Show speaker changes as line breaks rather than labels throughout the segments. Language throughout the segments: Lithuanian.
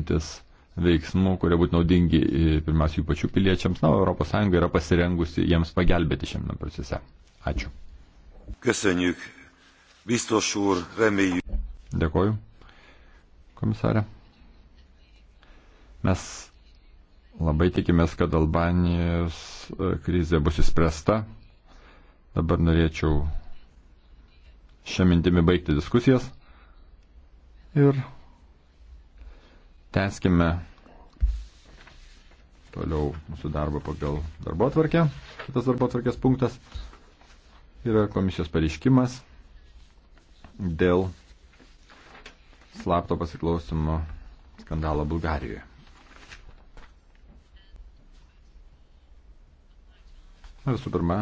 imtis veiksmų, kurie būtų naudingi e, pirmiausia jų pačių piliečiams. Na, ES yra pasirengusi jiems pagelbėti šiame procese. Ačiū.
Köszönjük. Biztos úr, reméljük.
Dėkoju, komisarė. Mes labai tikimės, kad Albanijos e, krizė bus įspręsta. Dabar norėčiau šią mintimį baigti diskusijas. Ir Teskime toliau mūsų darbą pagal darbo atvarkę. Kitas darbo atvarkės punktas yra komisijos pareiškimas dėl slapto pasiklausimo skandalo Bulgarijoje. Visų pirma,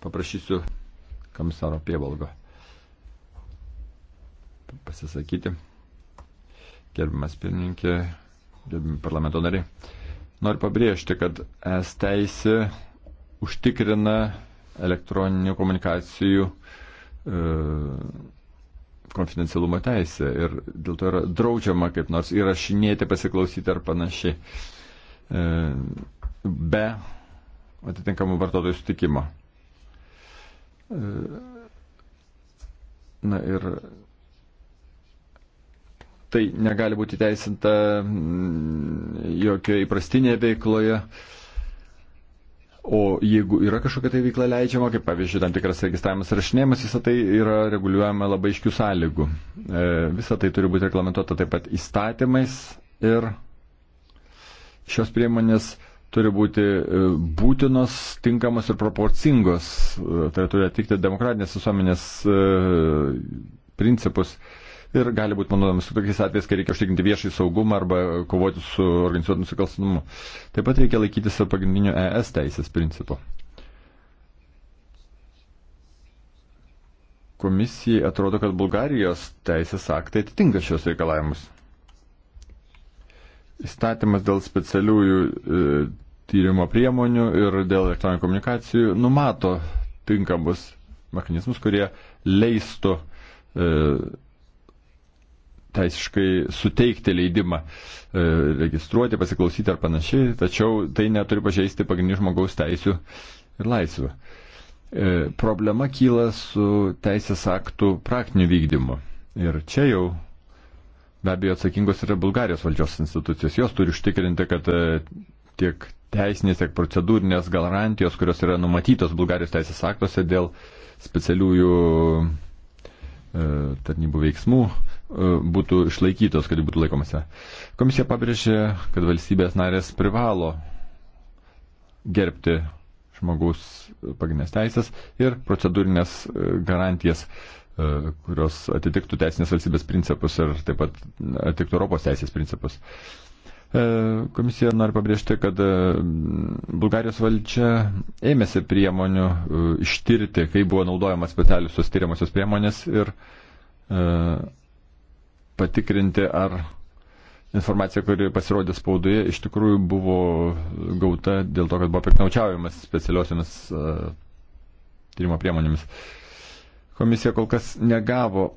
paprašysiu komisaro Pievalgo pasisakyti. Gerbimas pirmininkė, gerbimi parlamento nariai. Noriu pabrėžti, kad es teisė užtikrina elektroninių komunikacijų e, konfidencialumo teisę ir dėl to yra draudžiama kaip nors įrašinėti, pasiklausyti ar panašiai e, be atitinkamų vartotojų sutikimo. E, na ir tai negali būti teisinta mm, jokioje įprastinėje veikloje. O jeigu yra kažkokia tai veikla leidžiama, kaip pavyzdžiui, tam tikras registravimas ir rašinėjimas, visą tai yra reguliuojama labai iškių sąlygų. E, visą tai turi būti reglamentuota taip pat įstatymais ir šios priemonės turi būti e, būtinos, tinkamos ir proporcingos. E, tai turi atitikti demokratinės visuomenės e, principus. E, ir gali būti panaudojamas tokiais atvejais, kai reikia užtikrinti viešai saugumą arba kovoti su organizuotų nusikalstamumu. Taip pat reikia laikytis pagrindinių ES teisės principų. Komisijai atrodo, kad Bulgarijos teisės aktai atitinka šios reikalavimus. Įstatymas dėl specialiųjų e, tyrimo priemonių ir dėl elektroninių komunikacijų numato tinkamus mechanizmus, kurie leistų e, teisiškai suteikti leidimą e, registruoti, pasiklausyti ar panašiai, tačiau tai neturi pažeisti pagrindinių žmogaus teisių ir laisvių. E, problema kyla su teisės aktų praktiniu vykdymu. Ir čia jau be abejo atsakingos yra Bulgarijos valdžios institucijos. Jos turi užtikrinti, kad e, tiek teisinės, tiek procedūrinės garantijos, kurios yra numatytos Bulgarijos teisės aktuose dėl specialiųjų e, tarnybų veiksmų, E, būtų išlaikytos, kad būtų laikomasi. Komisija pabrėžė, kad valstybės narės privalo gerbti žmogaus pagrindinės teisės ir procedūrinės e, garantijas, e, kurios atitiktų teisinės valstybės principus ir taip pat atitiktų Europos teisės principus. Komisija nori pabrėžti, kad Bulgarijos valdžia ėmėsi priemonių ištirti, kaip buvo naudojamas specialiusios tyriamosios priemonės ir patikrinti, ar informacija, kuri pasirodė spaudoje, iš tikrųjų buvo gauta dėl to, kad buvo piknaučiaujamas specialiosiomis e, tyrimo priemonėmis. Komisija kol kas negavo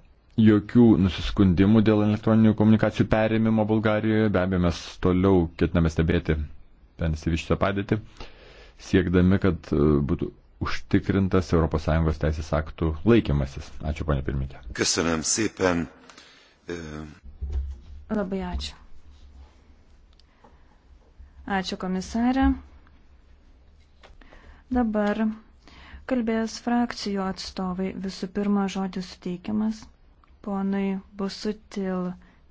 jokių nusiskundimų dėl elektroninių komunikacijų perėmimo Bulgarijoje. Be abejo, mes toliau ketiname stebėti ten įsivyščią padėtį, siekdami, kad e, būtų užtikrintas ES teisės aktų laikymasis. Ačiū, ponė pirmininkė.
E,
Labai ačiū. Ačiū komisarė. Dabar kalbės frakcijų atstovai. Visų pirma, žodis suteikiamas. Ponai Busutil,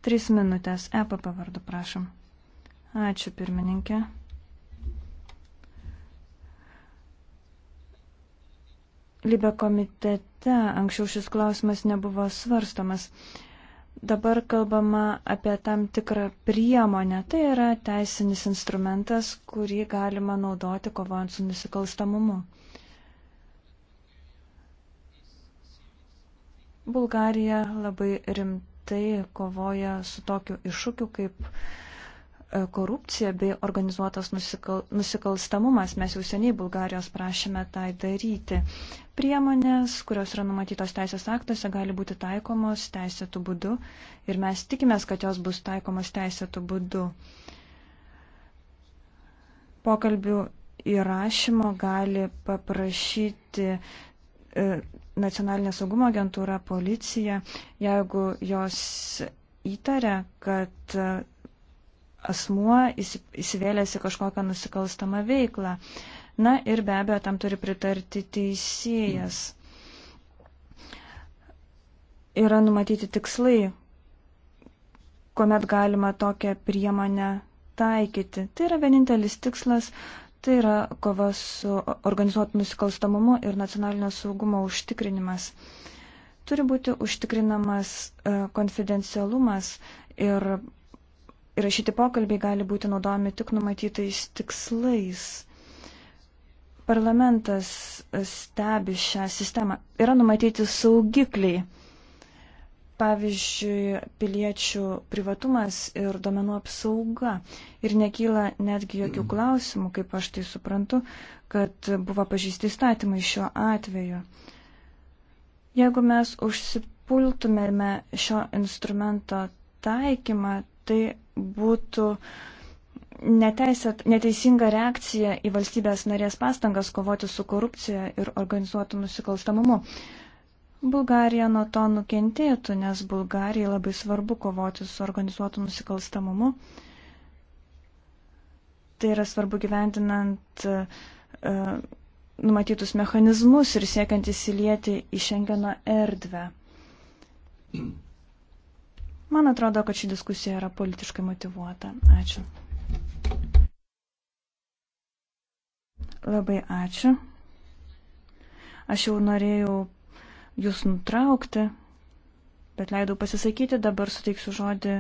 trys minutės. EPA pavardu, prašom. Ačiū, pirmininkė. Libe komitete anksčiau šis klausimas nebuvo svarstomas dabar kalbama apie tam tikrą priemonę. Tai yra teisinis instrumentas, kurį galima naudoti kovojant su nusikalstamumu. Bulgarija labai rimtai kovoja su tokiu iššūkiu kaip E, korupcija bei organizuotas nusikal, nusikalstamumas. Mes jau seniai Bulgarijos prašėme tai daryti. Priemonės, kurios yra numatytos teisės aktuose, gali būti taikomos teisėtų būdu ir mes tikimės, kad jos bus taikomos teisėtų būdu. Pokalbių įrašymo gali paprašyti e, nacionalinė saugumo agentūra, policija, jeigu jos įtaria, kad asmuo įsivėlėsi kažkokią nusikalstamą veiklą. Na ir be abejo, tam turi pritarti teisėjas. Yra numatyti tikslai, kuomet galima tokią priemonę taikyti. Tai yra vienintelis tikslas, tai yra kova su organizuotų nusikalstamumu ir nacionalinio saugumo užtikrinimas. Turi būti užtikrinamas e, konfidencialumas ir įrašyti pokalbiai gali būti naudojami tik numatytais tikslais. Parlamentas stebi šią sistemą. Yra numatyti saugikliai. Pavyzdžiui, piliečių privatumas ir domenų apsauga. Ir nekyla netgi jokių klausimų, kaip aš tai suprantu, kad buvo pažįsti įstatymai šiuo atveju. Jeigu mes užsipultumėme šio instrumento taikymą, tai būtų neteisėt, neteisinga reakcija į valstybės narės pastangas kovoti su korupcija ir organizuotu nusikalstamumu. Bulgarija nuo to nukentėtų, nes Bulgarijai labai svarbu kovoti su organizuotu nusikalstamumu. Tai yra svarbu gyvendinant uh, numatytus mechanizmus ir siekiant įsilieti į Šengeno erdvę. Mm. Man atrodo, kad ši diskusija yra politiškai motivuota. Ačiū. Labai ačiū. Aš jau norėjau jūs nutraukti, bet leidau pasisakyti, dabar suteiksiu žodį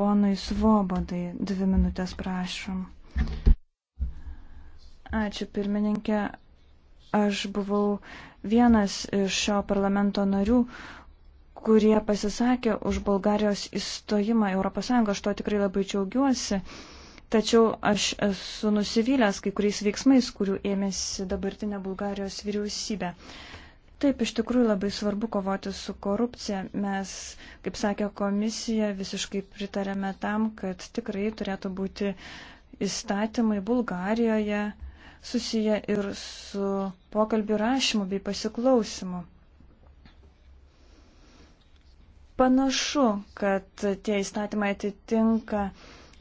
ponui Svobodai. Dvi minutės prašom. Ačiū pirmininkė. Aš buvau vienas iš šio parlamento narių, kurie pasisakė už Bulgarijos įstojimą Europos Sąjungą. Aš to tikrai labai džiaugiuosi. Tačiau aš esu nusivylęs kai kuriais veiksmais, kurių ėmėsi dabartinė Bulgarijos vyriausybė. Taip, iš tikrųjų labai svarbu kovoti su korupcija. Mes, kaip sakė komisija, visiškai pritarėme tam, kad tikrai turėtų būti įstatymai Bulgarijoje susiję ir su pokalbių rašymu bei pasiklausimu. Panašu, kad tie įstatymai atitinka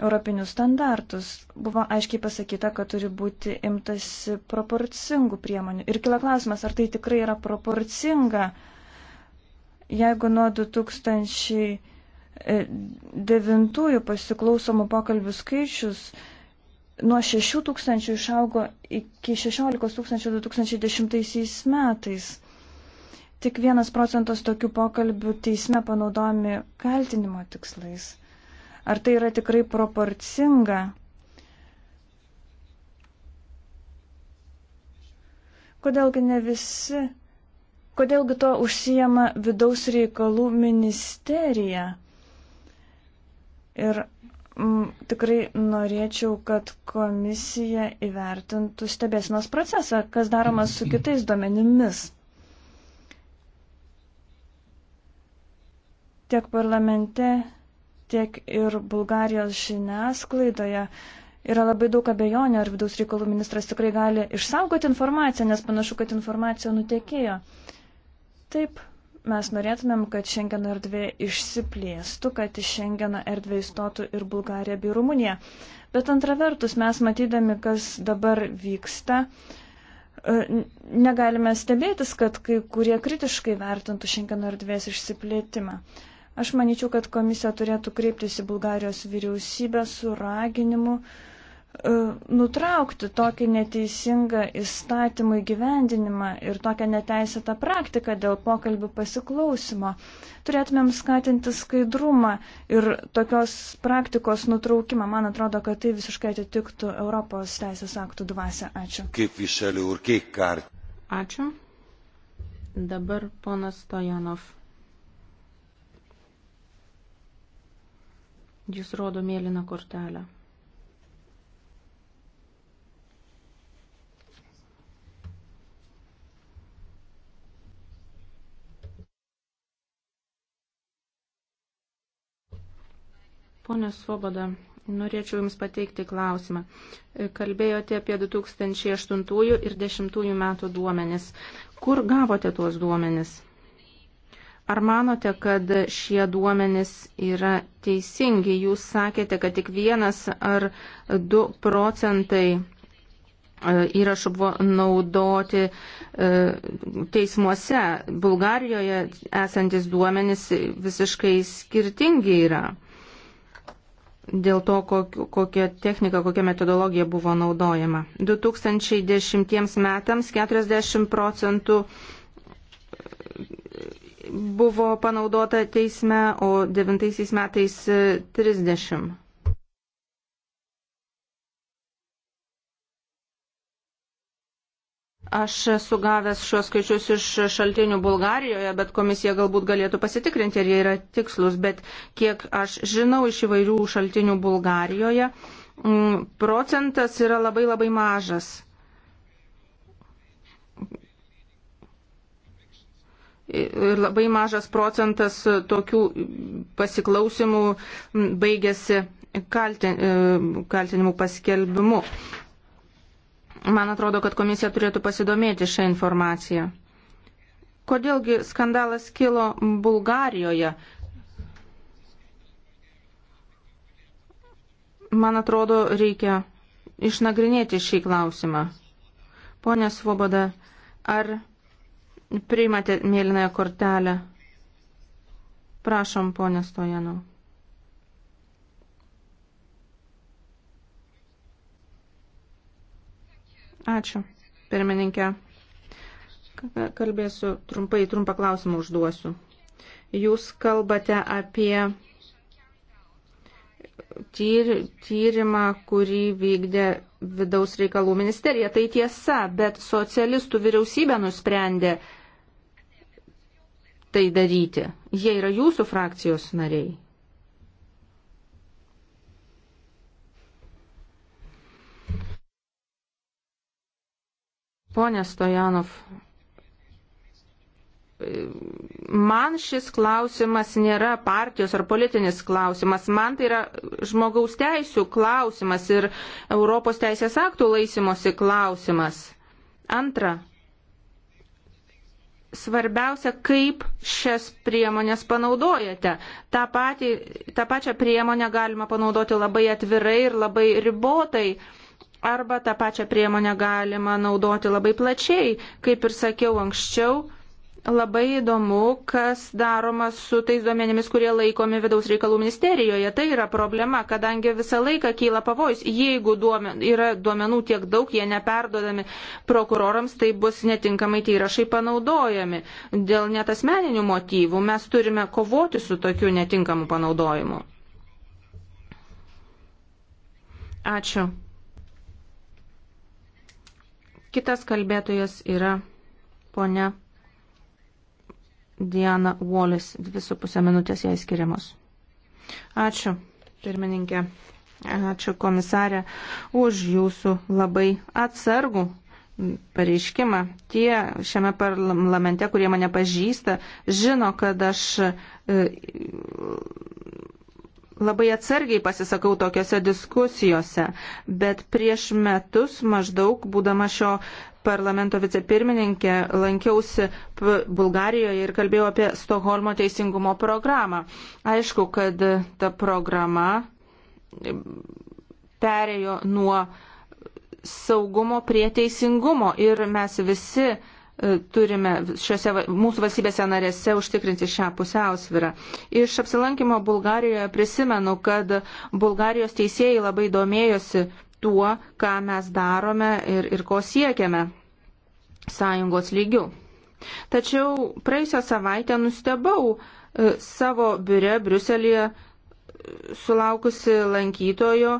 europinius standartus. Buvo aiškiai pasakyta, kad turi būti imtasi proporcingų priemonių. Ir kila klausimas, ar tai tikrai yra proporcinga, jeigu nuo 2009 pasiklausomų pokalbių skaičius nuo 6 tūkstančių išaugo iki 16 tūkstančių 2010 metais. Tik vienas procentas tokių pokalbių teisme panaudojami kaltinimo tikslais. Ar tai yra tikrai proporcinga? Kodėlgi ne visi kodėlgi to užsijama vidaus reikalų ministerija. Ir m, mm, tikrai norėčiau, kad komisija įvertintų stebėsinos procesą, kas daroma su kitais duomenimis. tiek parlamente, tiek ir Bulgarijos žiniasklaidoje yra labai daug abejonių, ar vidaus reikalų ministras tikrai gali išsaugoti informaciją, nes panašu, kad informacija nutekėjo. Taip, mes norėtumėm, kad Šengeno erdvė išsiplėstų, kad iš Šengeno erdvė įstotų ir Bulgarija bei Rumunija. Bet antra vertus, mes matydami, kas dabar vyksta, e, negalime stebėtis, kad kai kurie kritiškai vertintų Šengeno erdvės išsiplėtimą. Aš manyčiau, kad komisija turėtų kreiptis į Bulgarijos vyriausybę su raginimu e, nutraukti tokį neteisingą įstatymų įgyvendinimą ir tokią neteisėtą praktiką dėl pokalbių pasiklausimo. Turėtumėm skatinti skaidrumą ir tokios praktikos nutraukimą. Man atrodo, kad tai visiškai atitiktų Europos teisės aktų dvasę.
Ačiū.
Kaip išalių ir kiek kart.
Ačiū. Dabar ponas Stojanov. Jis rodo mėlyną kortelę. Pone Svoboda, norėčiau Jums pateikti klausimą. Kalbėjote apie 2008 ir 2010 metų duomenis. Kur gavote tuos duomenis? Ar manote, kad šie duomenys yra teisingi? Jūs sakėte, kad tik vienas ar du procentai e, įrašų buvo naudoti e, teismuose. Bulgarijoje esantis duomenys visiškai skirtingi yra dėl to, kokia technika, kokia metodologija buvo naudojama. 2010 metams 40 procentų buvo panaudota teisme, o 9 metais 30. E, aš esu gavęs šios skaičius iš šaltinių Bulgarijoje, bet komisija galbūt galėtų pasitikrinti, ar jie yra tikslus, bet kiek aš žinau iš įvairių šaltinių Bulgarijoje, procentas yra labai labai mažas. ir labai mažas procentas tokių pasiklausimų baigėsi kaltin, e, kaltinimų paskelbimu. Man atrodo, kad komisija turėtų pasidomėti šią informaciją. Kodėlgi skandalas kilo Bulgarijoje? Man atrodo, reikia išnagrinėti šį klausimą. Pone Svoboda, ar Priimate mėlynąją kortelę. Prašom, ponė Stojanau. Ačiū, pirmininkė. Kalbėsiu trumpai, trumpą klausimą užduosiu. Jūs kalbate apie tyr, tyrimą, kurį vykdė vidaus reikalų ministerija. Tai tiesa, bet socialistų vyriausybė nusprendė tai daryti. Jie yra jūsų frakcijos nariai. Pone Stojanov, man šis klausimas nėra partijos ar politinis klausimas, man tai yra žmogaus teisų klausimas ir Europos teisės aktų laisimosi klausimas. Antra, svarbiausia, kaip šias priemonės panaudojate. Ta, patį, tą pačią priemonę galima panaudoti labai atvirai ir labai ribotai. Arba tą pačią priemonę galima naudoti labai plačiai, kaip ir sakiau anksčiau Labai įdomu, kas daroma su tais duomenimis, kurie laikomi vidaus reikalų ministerijoje. Tai yra problema, kadangi visą laiką kyla pavojus. Jeigu duomen, yra duomenų tiek daug, jie neperdodami prokurorams, tai bus netinkamai tie įrašai panaudojami. Dėl net asmeninių motyvų mes turime kovoti su tokiu netinkamu panaudojimu. Ačiū. Kitas kalbėtojas yra ponia. Diana Wallis, 2,5 minutės jai skiriamos. Ačiū, pirmininkė. Ačiū komisarė už jūsų labai atsargų pareiškimą. Tie šiame parlamente, kurie mane pažįsta, žino, kad aš e, labai atsargiai pasisakau tokiuose diskusijose, bet prieš metus maždaug, būdama šio parlamento vicepirmininkė, lankiausi Bulgarijoje ir kalbėjau apie Stoholmo teisingumo programą. Aišku, kad ta programa e, perėjo nuo saugumo prie teisingumo ir mes visi e, turime šiuose mūsų valstybėse narėse užtikrinti šią pusiausvyrą. Iš apsilankimo Bulgarijoje prisimenu, kad Bulgarijos teisėjai labai domėjosi tuo, ką mes darome ir, ir ko siekiame sąjungos lygių. Tačiau praėjusią savaitę nustebau e, savo biure Briuselėje e, sulaukusi lankytojo,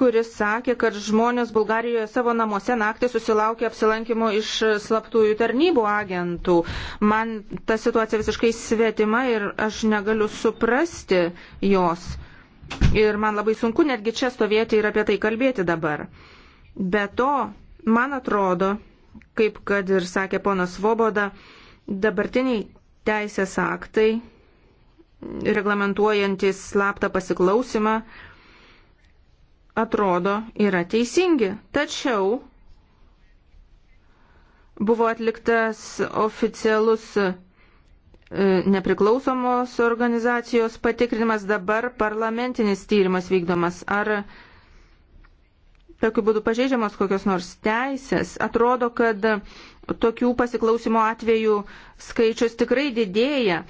kuris sakė, kad žmonės Bulgarijoje savo namuose naktį susilaukė apsilankimo iš slaptųjų tarnybų agentų. Man ta situacija visiškai svetima ir aš negaliu suprasti jos. Ir man labai sunku netgi čia stovėti ir apie tai kalbėti dabar. Be to, man atrodo, kaip kad ir sakė ponas Svoboda, dabartiniai teisės aktai, reglamentuojantis slaptą pasiklausimą, atrodo yra teisingi. Tačiau buvo atliktas oficialus nepriklausomos organizacijos patikrinimas, dabar parlamentinis tyrimas vykdomas. Ar tokiu būdu pažeidžiamos kokios nors teisės? Atrodo, kad tokių pasiklausimo atvejų skaičius tikrai didėja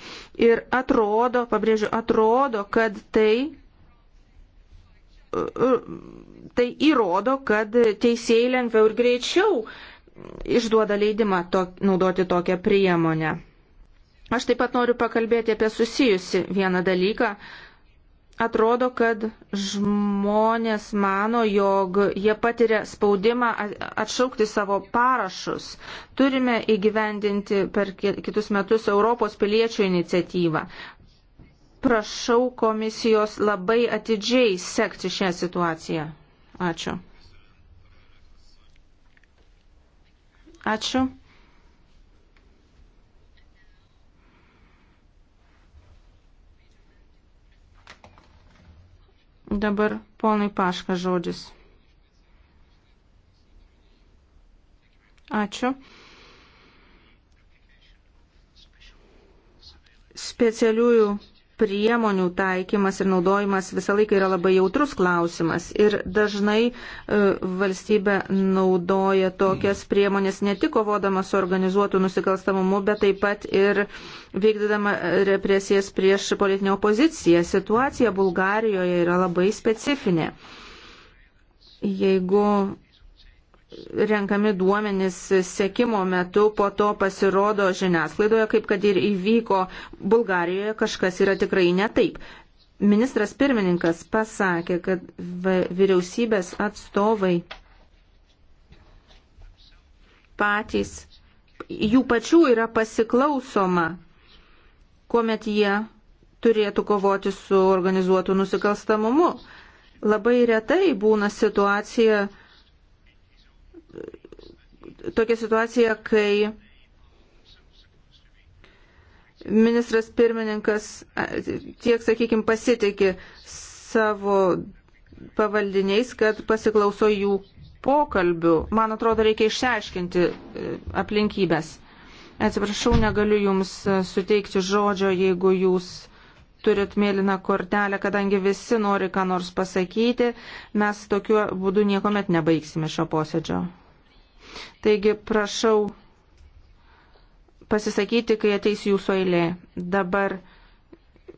ir atrodo, pabrėžiu, atrodo, kad tai, tai įrodo, kad teisėjai lengviau ir greičiau išduoda leidimą to, naudoti tokią priemonę. Aš taip pat noriu pakalbėti apie susijusi vieną dalyką. Atrodo, kad žmonės mano, jog jie patiria spaudimą atšaukti savo parašus. Turime įgyvendinti per kitus metus Europos piliečių iniciatyvą. Prašau komisijos labai atidžiai sekti šią situaciją. Ačiū. Ačiū. Dabar ponai Paška žodis. Ačiū. Specialiųjų priemonių taikymas ir naudojimas visą laiką yra labai jautrus klausimas. Ir dažnai e, valstybė naudoja tokias priemonės ne tik kovodama su organizuotu nusikalstamumu, bet taip pat ir vykdydama represijas prieš politinę opoziciją. Situacija Bulgarijoje yra labai specifinė. Jeigu renkami duomenys sekimo metu po to pasirodo žiniasklaidoje, kaip kad ir įvyko Bulgarijoje, kažkas yra tikrai ne taip. Ministras pirmininkas pasakė, kad vyriausybės atstovai patys, jų pačių yra pasiklausoma, kuomet jie turėtų kovoti su organizuotu nusikalstamumu. Labai retai būna situacija, tokia situacija, kai ministras pirmininkas tiek, sakykime, pasitikė savo pavaldiniais, kad pasiklauso jų pokalbių. Man atrodo, reikia išsiaiškinti e, aplinkybės. Atsiprašau, negaliu Jums e, suteikti žodžio, jeigu Jūs turit mėlyną kortelę, kadangi visi nori ką nors pasakyti, mes tokiu būdu niekuomet nebaigsime šio posėdžio. Taigi prašau pasisakyti, kai ateis jūsų eilė. Dabar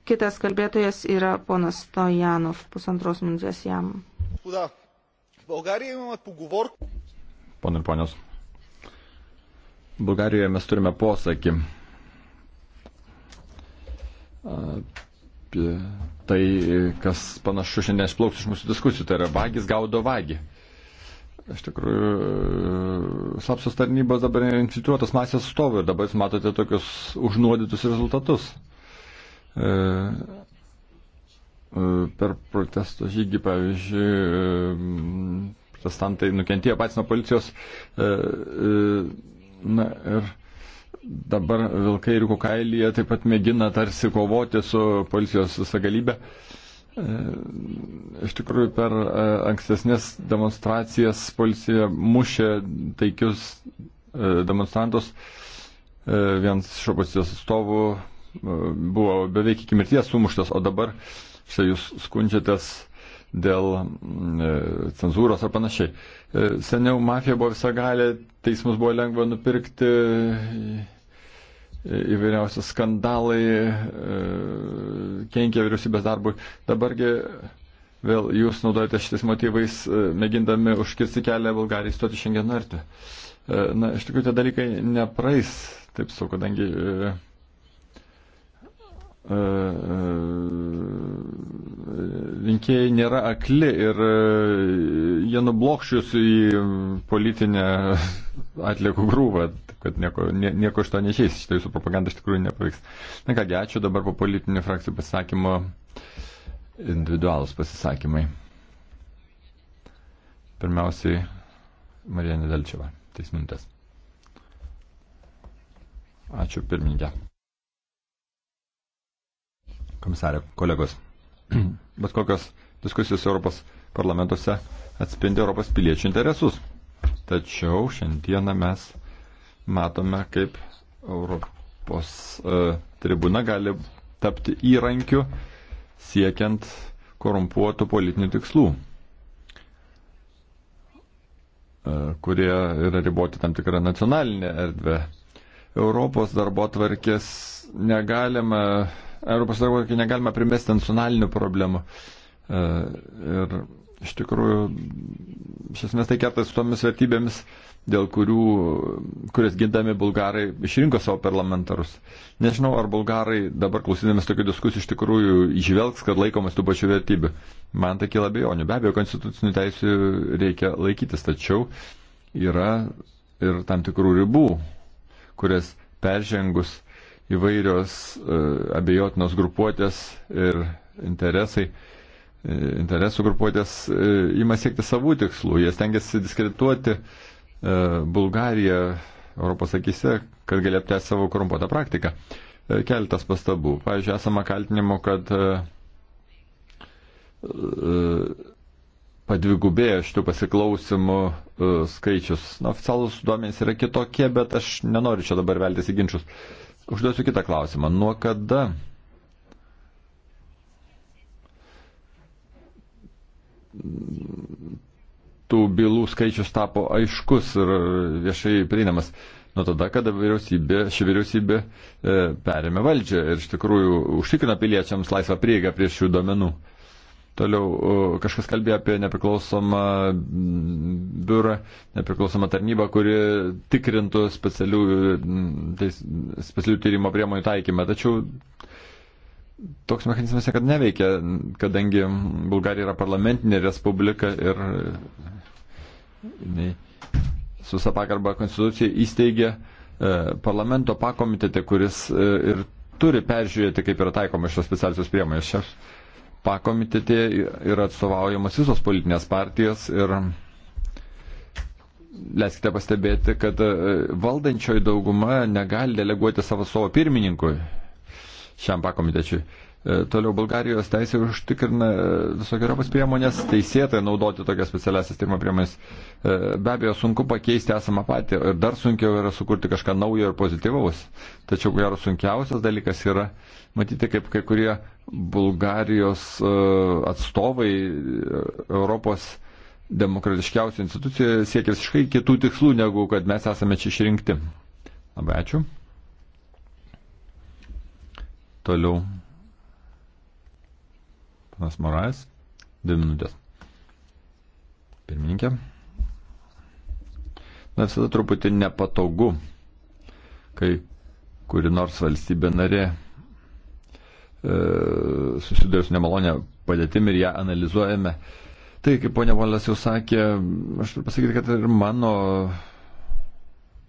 kitas kalbėtojas yra ponas Stojanov, pusantros minutės jam.
Pone ir ponios, Bulgarijoje mes turime posakį apie tai, kas panašu šiandien išplauks iš mūsų diskusijų, tai yra vagis gaudo vagį. Iš tikrųjų, e, slapsos tarnybos dabar yra infiltruotas masės stovų ir dabar jūs matote tokius užnuodytus rezultatus. E, e per protesto žygį, pavyzdžiui, e, protestantai nukentėjo patys nuo policijos. E, e, na ir dabar vilkai ir kukailyje taip pat mėgina tarsi kovoti su policijos visagalybė. E, iš tikrųjų, per e, ankstesnės demonstracijas policija mušė taikius e, demonstrantus. Vienas iš opozicijos atstovų buvo beveik iki mirties sumuštas, o dabar štai jūs skundžiatės dėl mm, e, cenzūros ar panašiai. E, seniau mafija buvo visagalė, teismus buvo lengva nupirkti, e, įvairiausi skandalai kenkia vyriausybės darbui. Dabargi vėl jūs naudojate šitais motyvais, mėgindami užkirsti kelią Bulgarijai stoti šiandien arti. Na, iš tikrųjų, tie dalykai nepraeis taip su, kadangi E, e, rinkėjai nėra akli ir e, jie nublokščius į politinę atliekų grūvą, kad nieko, nieko iš to neišeis, šitą jūsų propagandą iš tikrųjų nepavyks. Na kągi, ačiū dabar po politinių frakcijų pasisakymo individualus pasisakymai. Pirmiausiai Marija Nedelčiava, tais minutės. Ačiū pirmininkė komisarė, kolegos. Bet kokios diskusijos Europos parlamentuose atspindi Europos piliečių interesus. Tačiau šiandieną mes matome, kaip Europos e, tribuna gali tapti įrankiu siekiant korumpuotų politinių tikslų, e, kurie yra riboti tam tikrą nacionalinę erdvę. Europos darbo tvarkės negalima Europos darbo tvarkė negalima primesti nacionalinių problemų. E, ir iš tikrųjų, iš esmės tai kertas su tomis vertybėmis, dėl kurių, kurias gindami bulgarai išrinko savo parlamentarus. Nežinau, ar bulgarai dabar klausydamės tokių diskusijų iš tikrųjų išvelgs, kad laikomas tų pačių vertybių. Man tai kila bejonių. Be abejo, konstitucinių teisų reikia laikytis, tačiau yra ir tam tikrų ribų, kurias peržengus įvairios e, abejotinos grupuotės ir interesai, e, interesų grupuotės e, ima siekti savų tikslų. Jie stengiasi diskredituoti Bulgariją Europos akise, kad galėtų tęsti savo korumpuotą praktiką. Keltas pastabų. Pavyzdžiui, esama kaltinimo, kad padvigubėjo šitų pasiklausimų skaičius. Na, oficialus duomenys yra kitokie, bet aš nenoriu čia dabar veltis į ginčius. Uh, Užduosiu kitą klausimą. Nuo kada tų bylų skaičius tapo aiškus ir viešai prieinamas? Nuo tada, kada vyriausybė, ši vyriausybė e, perėmė valdžią ir iš tikrųjų užtikrina piliečiams laisvą prieigą prie šių domenų. E, Toliau kažkas kalbėjo apie nepriklausomą biurą, nepriklausomą tarnybą, kuri tikrintų specialių, teis, specialių tyrimo priemonių taikymą. Tačiau toks mechanizmas niekada neveikia, kadangi Bulgarija yra parlamentinė respublika ir nei, su visą pagarbą konstitucija įsteigė e, parlamento pakomitete, kuris e, ir turi peržiūrėti, kaip yra taikoma šios specialios priemonės. Šios pakomitėtė yra atstovaujamos visos politinės partijos ir leiskite pastebėti, kad e, valdančioji dauguma negali deleguoti savo savo pirmininkui šiam pakomitečiui. E, toliau Bulgarijos teisė užtikrina e, visokiojopas priemonės teisėtai naudoti tokias specialiasias tyrimo priemonės. E, be abejo, sunku pakeisti esamą patį ir dar sunkiau yra sukurti kažką naujo ir pozityvaus. Tačiau, ko gero, sunkiausias dalykas yra matyti, kaip kai kurie Bulgarijos atstovai Europos demokratiškiausių institucijų siekia visiškai kitų tikslų, negu kad mes esame čia išrinkti. Labai ačiū. Toliau Panas Morais, dvi minutės. Pirmininkė. Na visada truputį nepatogu, kai kuri nors valstybė narė e, susiduria su nemalonė padėtim ir ją analizuojame. Tai, kaip ponia Valas jau sakė, aš turiu pasakyti, kad ir mano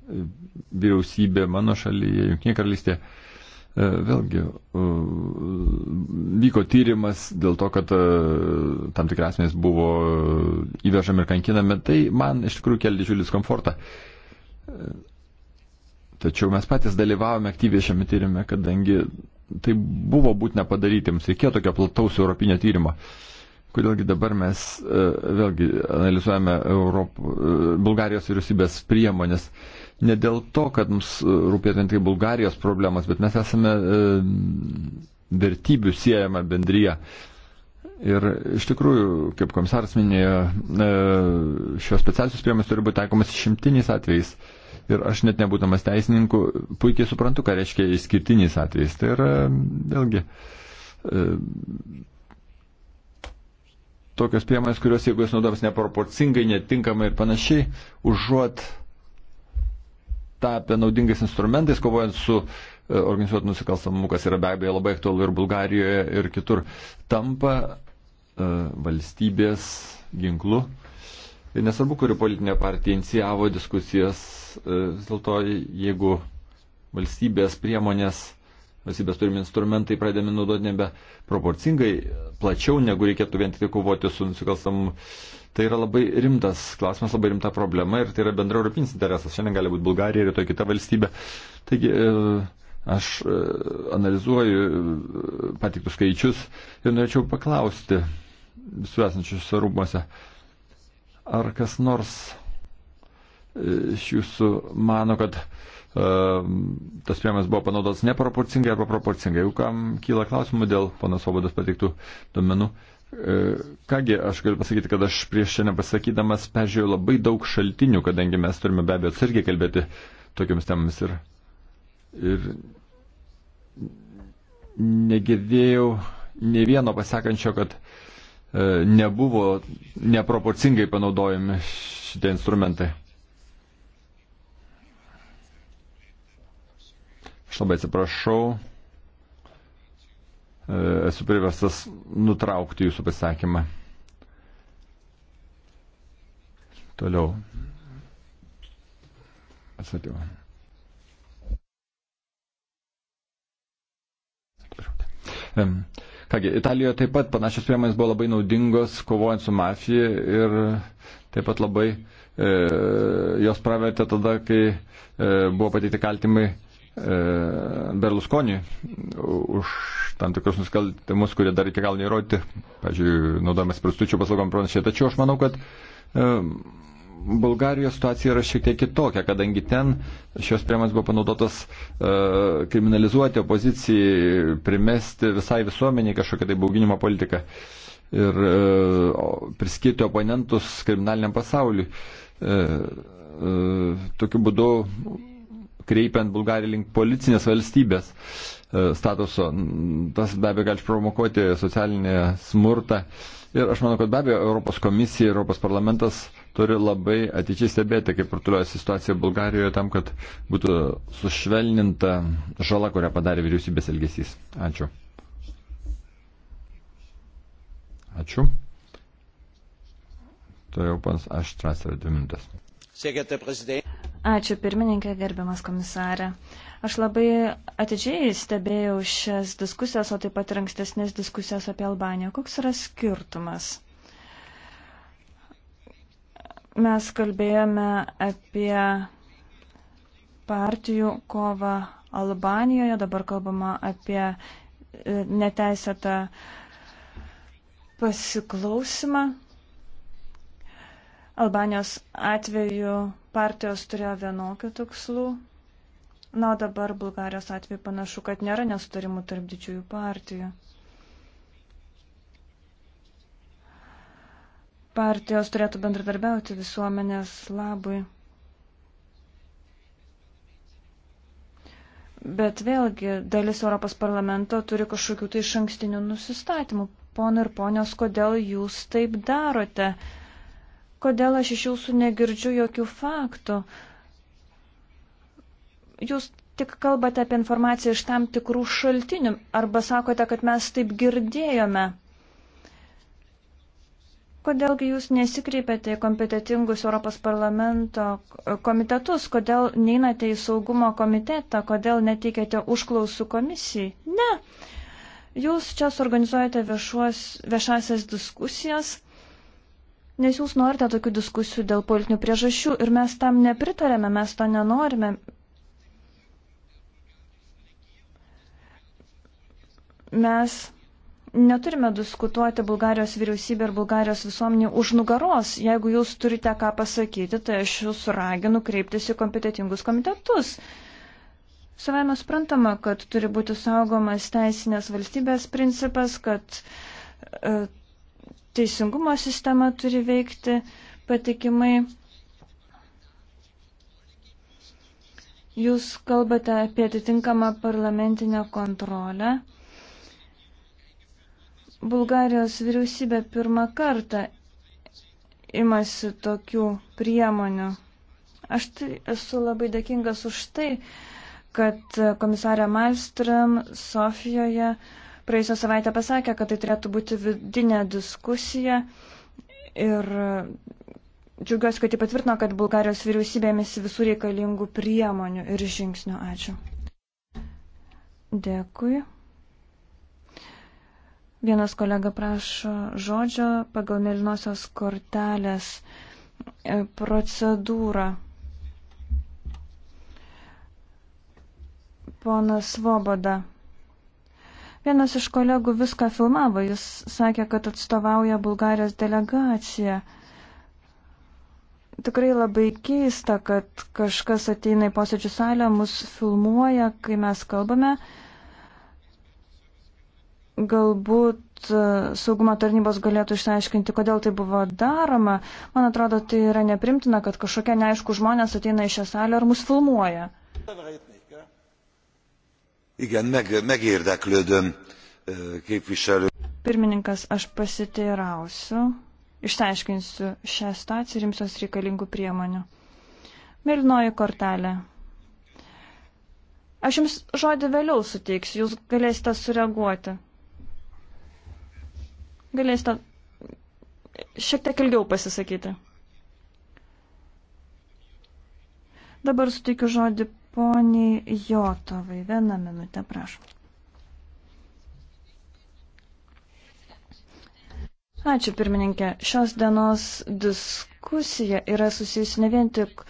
vyriausybė, mano šalyje, Junkinė karalystė, e, E, vėlgi, e, vyko tyrimas dėl to, kad e, tam tikras asmenys buvo įvežami ir kankinami, tai man iš tikrųjų kelia didžiulį diskomfortą. Tačiau mes patys dalyvavome aktyviai šiame tyrimė, kadangi tai buvo būtina padaryti, mums reikėjo tokio plataus europinio tyrimo. Kodėlgi dabar mes vėlgi analizuojame Europo, Bulgarijos vyriausybės priemonės. Uh, ne dėl to, kad mums e, rūpėtų tik Bulgarijos problemas, bet mes esame e, vertybių siejama bendryje. Ir iš tikrųjų, kaip komisaras minėjo, e, šios specialios priemonės turi būti taikomas šimtiniais atvejais. Ir aš net nebūdamas teisininku puikiai suprantu, ką reiškia išskirtiniais atvejais. Tai yra, vėlgi, tokios priemonės, kurios, jeigu jas naudojamas neproporcingai, netinkamai ir panašiai, užuot tapę naudingais instrumentais, kovojant su e, organizuotų nusikalstamumų, kas yra be abejo labai aktualu ir Bulgarijoje, ir kitur, tampa e, valstybės ginklu. Ir nesvarbu, kuri politinė partija inicijavo diskusijas, e, vis dėlto jeigu valstybės priemonės, valstybės turimi instrumentai pradėmi naudoti nebe proporcingai plačiau, negu reikėtų vien tik kovoti su nusikalstamu Tai yra labai rimtas klausimas, labai rimta problema ir tai yra bendra europinis interesas. Šiandien gali būti Bulgarija, rytoj kita valstybė. Taigi e, aš e, analizuoju e, patiktus skaičius ir norėčiau paklausti visų esančius rūmose, ar kas nors iš jūsų mano, kad uh, tas priemonės buvo panaudotas neproporcingai arba proporcingai. Jau kam kyla klausimų dėl panas Obodas patiktų duomenų, uh, E, kągi, aš galiu pasakyti, kad aš prieš šiandien pasakydamas peržiūrėjau labai daug šaltinių, kadangi mes turime be abejo atsargiai kalbėti tokiamis temomis ir, ir negirdėjau ne vieno pasakančio, kad e, nebuvo neproporcingai panaudojami šitie instrumentai. Aš labai atsiprašau esu priverstas nutraukti jūsų pasakymą. Toliau. Atsakiau. Kągi, Italijoje taip pat panašios priemonės buvo labai naudingos kovojant su mafija ir taip pat labai e, jos pravertė tada, kai e, buvo pateikti kaltimai e, E, Berlusconi už tam tikrus nusikaltimus, kurie dar iki galo neįrodyti, pažiūrėjau, naudojamas prastučių paslaugom pranašiai. Tačiau aš manau, kad e, Bulgarijos situacija yra šiek tiek kitokia, kadangi ten šios priemonės buvo panaudotos e, kriminalizuoti opoziciją, primesti visai visuomeniai kažkokią tai bauginimo politiką ir e, priskirti oponentus kriminaliniam pasauliu. E, e, tokiu būdu kreipiant Bulgariją link policinės valstybės e, statuso. Tas be abejo gali išprovokuoti socialinį smurtą. Ir aš manau, kad be abejo Europos komisija, Europos parlamentas turi labai ateičiai stebėti, kaip rutuliuojasi situacija Bulgarijoje, tam, kad būtų sušvelninta žala, kurią padarė vyriausybės elgesys. Ačiū. Ačiū. Toliau pans Aštras yra dvi minutės.
Sėkite, prezidentė.
Ačiū pirmininkė, gerbiamas komisarė. Aš labai atidžiai stebėjau šias diskusijas, o taip pat ir ankstesnės diskusijas apie Albaniją. Koks yra skirtumas? Mes kalbėjome apie partijų kovą Albanijoje, dabar kalbama apie e, neteisėtą pasiklausimą. Albanijos atveju partijos turėjo vienokių tikslų. Na, o dabar Bulgarijos atveju panašu, kad nėra nesutarimų tarp didžiųjų partijų. Partijos turėtų bendradarbiauti visuomenės labui. Bet vėlgi, dalis Europos parlamento turi kažkokių tai šankstinių nusistatymų. Pona ir ponios, kodėl jūs taip darote? Uh, kodėl aš iš jūsų negirdžiu jokių faktų. Jūs tik kalbate apie informaciją iš tam tikrų šaltinių arba sakote, kad mes taip girdėjome. Kodėlgi jūs nesikreipiate į kompetitingus Europos parlamento komitetus, kodėl neinate į saugumo komitetą, kodėl neteikėte užklausų komisijai? Ne. Jūs čia suorganizuojate viešuos, viešasias diskusijas Nes jūs norite tokių diskusijų dėl politinių priežasčių ir mes tam nepritarėme, mes to nenorime. Mes neturime diskutuoti Bulgarijos vyriausybė ir Bulgarijos visuomenė už nugaros. Jeigu jūs turite ką pasakyti, tai aš jūs raginu kreiptis į kompetitingus komitetus. Savai mes suprantama, kad turi būti saugomas teisinės valstybės principas, kad e, teisingumo sistema turi veikti patikimai. Jūs kalbate apie atitinkamą parlamentinę kontrolę. Bulgarijos vyriausybė pirmą kartą imasi tokių priemonių. Aš tai esu labai dėkingas už tai, kad komisarė Malmström Sofijoje uh, praėjusią savaitę pasakė, kad tai turėtų būti vidinė diskusija ir džiugiuosi, kad jį patvirtino, kad Bulgarijos vyriausybė ėmėsi visų reikalingų priemonių ir žingsnių. Ačiū. Dėkui. Vienas kolega prašo žodžio pagal mėlynosios kortelės e, procedūrą. Ponas Svoboda. Vienas iš kolegų viską filmavo, jis sakė, kad atstovauja Bulgarijos delegaciją. Tikrai labai keista, kad kažkas ateina į posėdžių salę, mus filmuoja, kai mes kalbame. Galbūt e, saugumo tarnybos galėtų išsiaiškinti, kodėl tai buvo daroma. Man atrodo, tai yra neprimtina, kad kažkokie neaišku žmonės ateina į šią salę ir mus filmuoja.
Igen, meg, megérdeklődöm képviselő.
Pirmininkas, aš pasiteirausiu, išteiškinsiu šią situaciją ir imsiuos reikalingų priemonių. Mėlynoji kortelė. Aš jums žodį vėliau suteiksiu, jūs galėsite sureaguoti. Galėsite šiek tiek ilgiau pasisakyti. Dabar suteikiu žodį Poniai Jotovai, vieną minutę, prašom. Ačiū pirmininkė. Šios dienos diskusija yra susijusi ne vien tik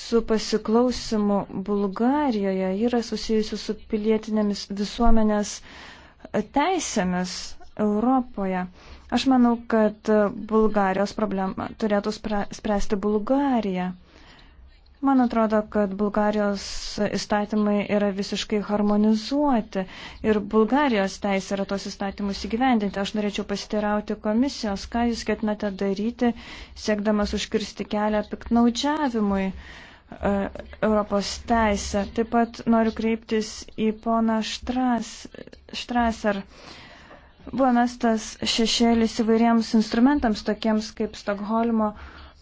su pasiklausimu Bulgarijoje, yra susijusi su pilietinėmis visuomenės teisėmis Europoje. Aš manau, kad Bulgarijos problemą turėtų spręsti Bulgarija. Man atrodo, kad Bulgarijos įstatymai yra visiškai harmonizuoti ir Bulgarijos teisė yra tos įstatymus įgyvendinti. Aš norėčiau pasiteirauti komisijos, ką jūs ketinate daryti, siekdamas užkirsti kelią piknaudžiavimui uh, e, Europos teisę. Taip pat noriu kreiptis į poną Štras, Štraser. Buvo mestas šešėlis įvairiems instrumentams, tokiems kaip Stokholmo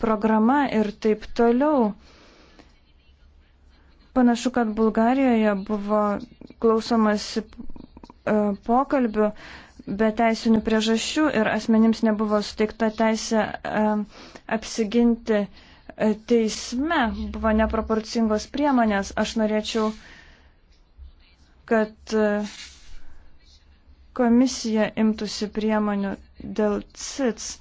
programa ir taip toliau. Panašu, kad Bulgarijoje buvo klausomasi e, pokalbių be teisinių priežasčių ir asmenims nebuvo suteikta teisė e, apsiginti e, teisme, buvo neproporcingos priemonės. Aš norėčiau, kad komisija imtųsi priemonių dėl CITS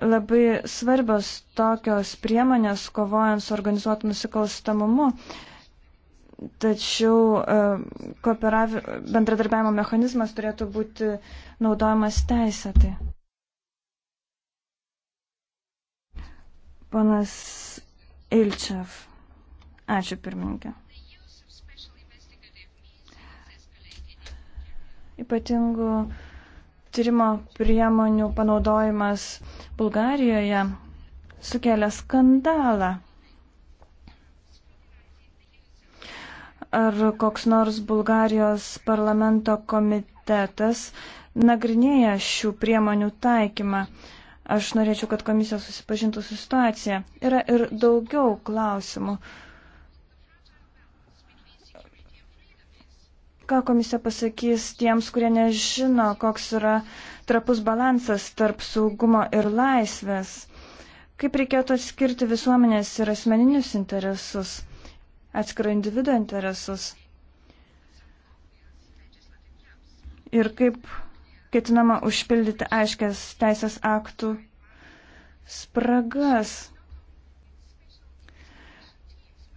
labai svarbios tokios priemonės kovojant su organizuotu nusikalstamumu. Tačiau e, bendradarbiavimo mechanizmas turėtų būti naudojamas teisėtai. Panas Ilčev. Ačiū pirmininkė. Ypatingų tyrimo priemonių panaudojimas Bulgarijoje sukelia skandalą. Ar koks nors Bulgarijos parlamento komitetas nagrinėja šių priemonių taikymą? Aš norėčiau, kad komisija susipažintų su situacija. Yra ir daugiau klausimų. Ką komisija pasakys tiems, kurie nežino, koks yra trapus balansas tarp saugumo ir laisvės? Kaip reikėtų atskirti visuomenės ir asmeninius interesus, atskiro individuo interesus? Ir kaip ketinama užpildyti aiškias teisės aktų spragas?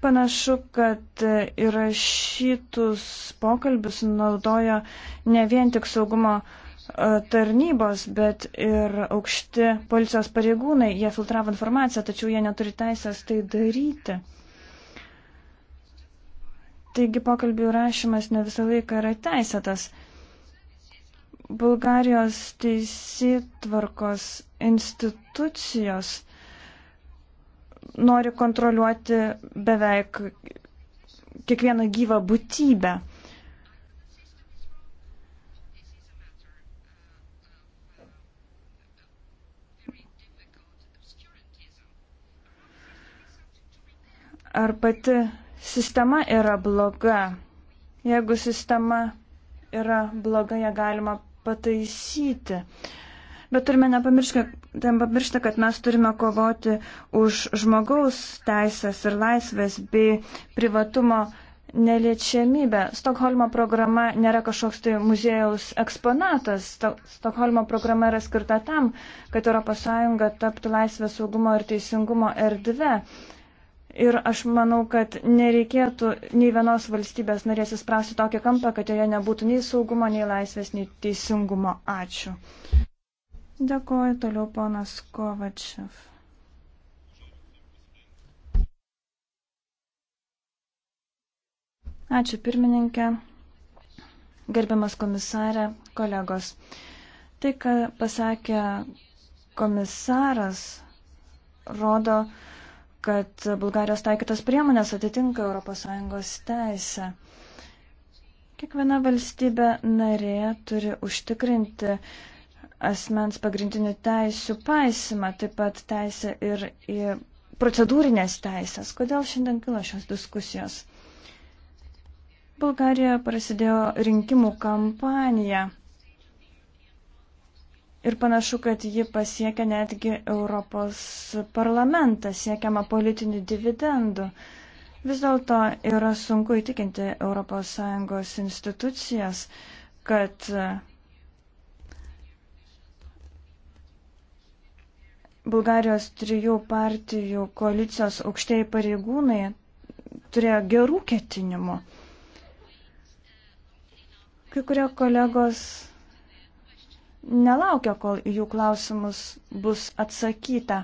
Panašu, kad įrašytus pokalbius naudojo ne vien tik saugumo e, tarnybos, bet ir aukšti policijos pareigūnai. Jie filtravo informaciją, tačiau jie neturi teisės tai daryti. Taigi pokalbių rašymas ne visą laiką yra teisėtas. Bulgarijos teisėtvarkos institucijos nori kontroliuoti beveik kiekvieną gyvą būtybę. Ar pati sistema yra bloga? Jeigu sistema yra bloga, ją galima pataisyti. Uh, Bet turime nepamiršti, nepamiršti, kad mes turime kovoti už žmogaus teisės ir laisvės bei privatumo neliečiamybę. Stokholmo programa nėra kažkoks tai muziejaus eksponatas. Stokholmo programa yra skirta tam, kad ES taptų laisvės saugumo ir teisingumo erdve. Ir aš manau, kad nereikėtų nei vienos valstybės narės įspręsti tokią kampą, kad joje nebūtų nei saugumo, nei laisvės, nei teisingumo. Ačiū. Dėkoju toliau ponas Kovačev. Ačiū pirmininkė, gerbiamas komisarė, kolegos. Tai, ką pasakė komisaras, rodo, kad Bulgarijos taikytas priemonės atitinka ES teisę. Kiekviena valstybė narė turi užtikrinti asmens pagrindinių teisių paisimą, taip pat teisę ir į procedūrinės teisės. Kodėl šiandien kilo šios diskusijos? Bulgarijoje prasidėjo rinkimų kampanija ir panašu, kad ji pasiekia netgi Europos parlamentą, siekiama politinių dividendų. Vis dėlto yra sunku įtikinti ES institucijas, kad Bulgarijos trijų partijų koalicijos aukštieji pareigūnai turėjo gerų ketinimų. Kai kurie kolegos nelaukia, kol jų klausimus bus atsakyta.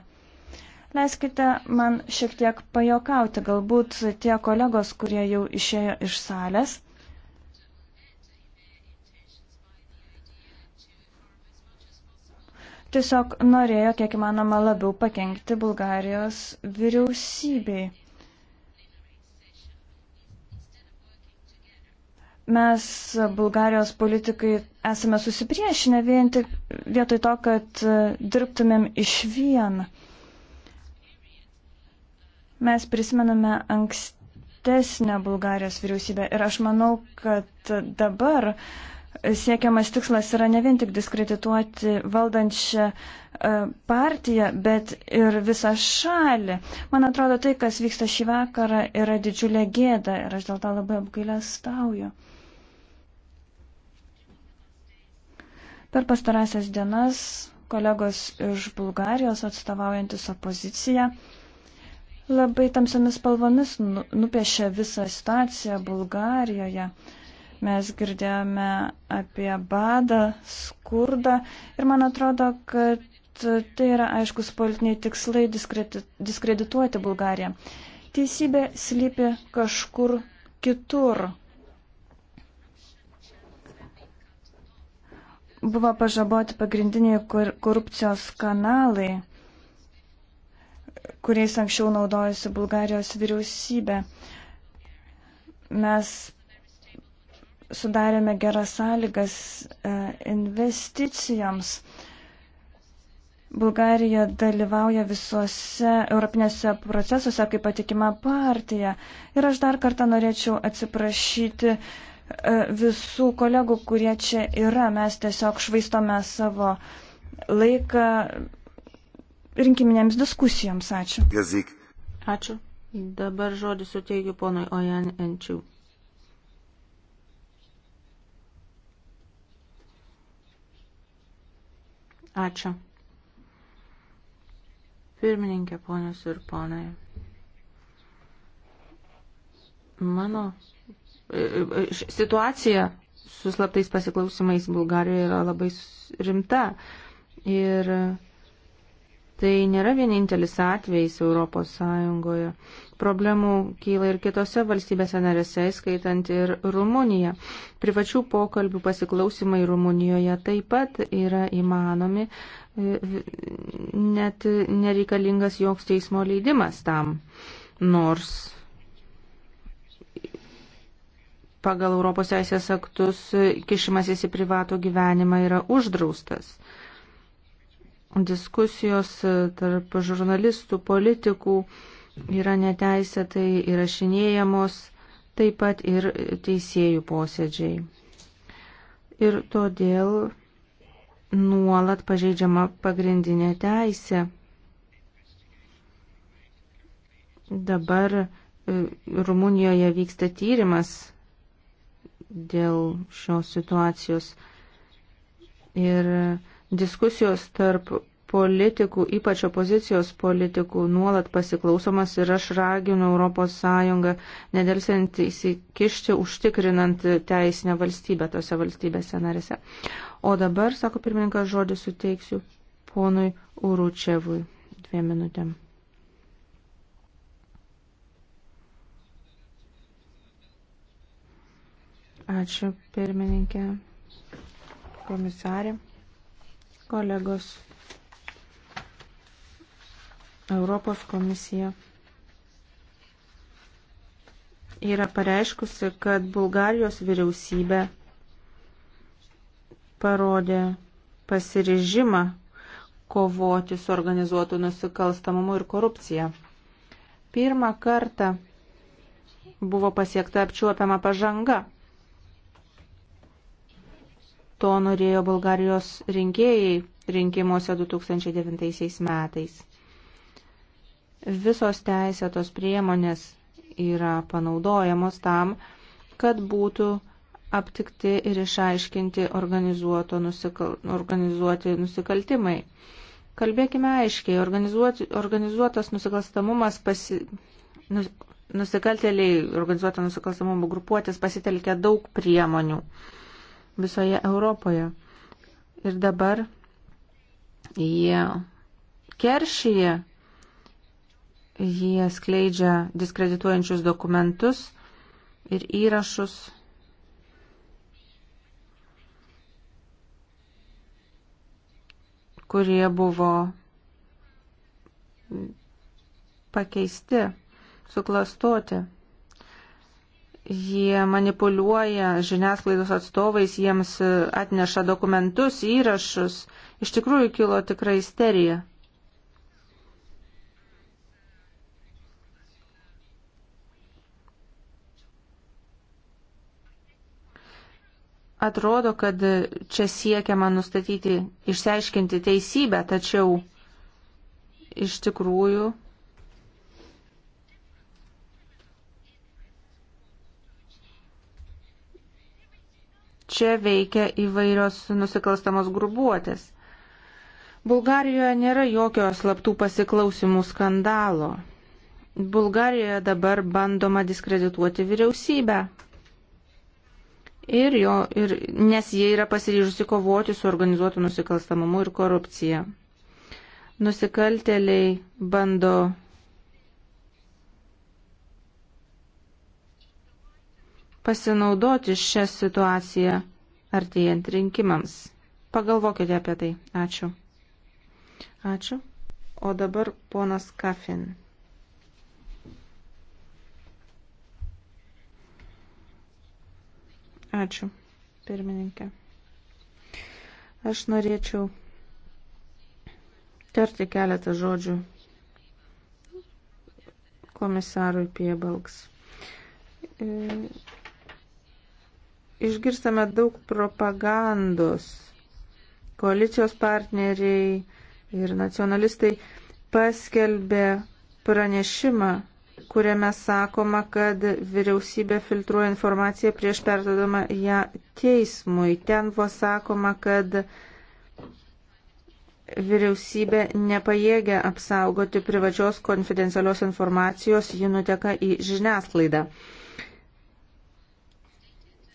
Leiskite man šiek tiek pajokauti, galbūt tie kolegos, kurie jau išėjo iš salės, tiesiog norėjo kiek įmanoma labiau pakengti Bulgarijos vyriausybei. Mes, Bulgarijos politikai, esame susipriešinę vien tik vietoj to, kad dirbtumėm iš vien. Mes prisimename ankstesnę Bulgarijos vyriausybę ir aš manau, kad dabar uh, siekiamas tikslas yra ne vien tik diskredituoti valdančią e, partiją, bet ir visą šalį. Man atrodo, tai, kas vyksta šį vakarą, yra didžiulė gėda ir aš dėl to labai apgailę stauju. Per pastarąsias dienas kolegos iš Bulgarijos atstovaujantis opoziciją labai tamsiamis spalvomis nu, nupiešė visą situaciją Bulgarijoje. Uh, mes girdėjome apie badą, skurdą ir man atrodo, kad tai yra aiškus politiniai tikslai diskredituoti Bulgariją. Teisybė slypi kažkur kitur. Buvo pažaboti pagrindiniai korupcijos kanalai, kuriais anksčiau naudojusi Bulgarijos vyriausybė. Mes sudarėme geras sąlygas e, investicijoms. Bulgarija dalyvauja visuose europinėse procesuose kaip patikima partija. Ir aš dar kartą norėčiau atsiprašyti e, visų kolegų, kurie čia yra. Mes tiesiog švaistome savo laiką rinkiminėms diskusijoms. Ačiū.
Ačiū. Dabar žodį suteikiu ponui Ojan Enčiu. Ačiū. Pirmininkė, ponios ir ponai. Mano e, e, e, situacija su slaptais pasiklausimais Bulgarijoje yra labai rimta. Ir Tai nėra vienintelis atvejis Europos Sąjungoje. Problemų kyla ir kitose valstybėse narėse, skaitant ir Rumuniją. Privačių pokalbių pasiklausimai Rumunijoje taip pat yra įmanomi, e, net nereikalingas joks teismo leidimas tam, nors pagal Europos teisės aktus kišimasis į privato gyvenimą yra uždraustas diskusijos e, tarp žurnalistų, politikų yra neteisėtai įrašinėjamos, taip pat ir teisėjų posėdžiai. Ir todėl nuolat pažeidžiama pagrindinė teisė. Dabar e, Rumunijoje vyksta tyrimas dėl šios situacijos ir Diskusijos tarp politikų, ypač opozicijos politikų, nuolat pasiklausomas ir aš raginu ES nedelsiant įsikišti, užtikrinant teisinę valstybę tose valstybėse narėse. O dabar, sako pirmininkas, žodį suteiksiu ponui Uručevui dviem minutėm. Ačiū, pirmininkė, komisarė. Kolegos, Europos komisija yra pareiškusi, kad Bulgarijos vyriausybė parodė pasirežimą kovoti su organizuotu nusikalstamumu ir korupcija. Pirmą kartą buvo pasiekta apčiuopiama pažanga To norėjo Bulgarijos rinkėjai rinkimuose 2009 metais. Visos teisėtos priemonės yra panaudojamos tam, kad būtų aptikti ir išaiškinti nusikal, organizuoti nusikaltimai. Kalbėkime aiškiai, organizuotas nusikalstamumas pasi, nus, nusikaltėliai, organizuoto nusikalstamumo grupuotės pasitelkia daug priemonių visoje Europoje. Ir dabar jie keršyje, jie skleidžia diskredituojančius dokumentus ir įrašus. kurie buvo pakeisti, suklastoti. Jie manipuliuoja žiniasklaidos atstovais, jiems e, atneša dokumentus, įrašus. Iš tikrųjų kilo tikra isterija. Atrodo, kad čia siekiama nustatyti, išsiaiškinti teisybę, tačiau iš tikrųjų čia veikia įvairios nusikalstamos grubuotės. Bulgarijoje nėra jokio slaptų pasiklausimų skandalo. Bulgarijoje dabar bandoma diskredituoti vyriausybę. Ir jo, ir, nes jie yra pasiryžusi kovoti su organizuotu nusikalstamumu ir korupcija. Nusikalteliai bando pasinaudoti šią situaciją artėjant rinkimams. Pagalvokite apie tai. Ačiū. Ačiū. O dabar ponas Kafin. Ačiū, pirmininkė. Aš norėčiau tarti keletą žodžių komisarui Piebalgs išgirstame daug propagandos. Koalicijos partneriai ir nacionalistai paskelbė pranešimą, kuriame sakoma, kad vyriausybė filtruoja informaciją prieš perdodama ją teismui. Ten buvo sakoma, kad vyriausybė nepajėgia apsaugoti privačios konfidencialios informacijos, ji nuteka į žiniasklaidą.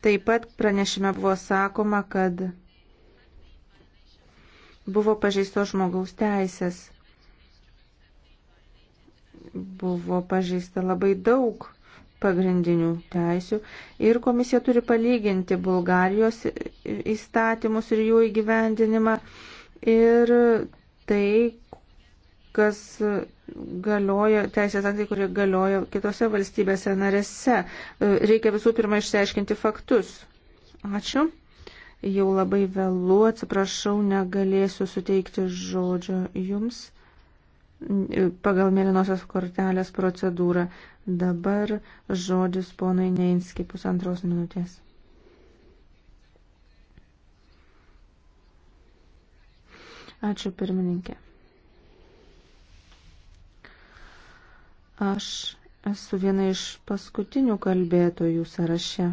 Taip pat pranešime buvo sakoma, kad buvo pažeisto žmogaus teisės. Buvo pažeista labai daug pagrindinių teisių ir komisija turi palyginti Bulgarijos įstatymus ir jų įgyvendinimą ir tai, kas galioja, teisės aktai, kurie galioja kitose valstybėse narėse. E, reikia visų pirma išsiaiškinti faktus. Ačiū. Jau labai vėlu, atsiprašau, negalėsiu suteikti žodžio jums e, pagal mėlynosios kortelės procedūrą. Dabar žodis ponai Neinski pusantros minutės. Ačiū pirmininkė. Aš esu viena iš paskutinių kalbėtojų sąraše.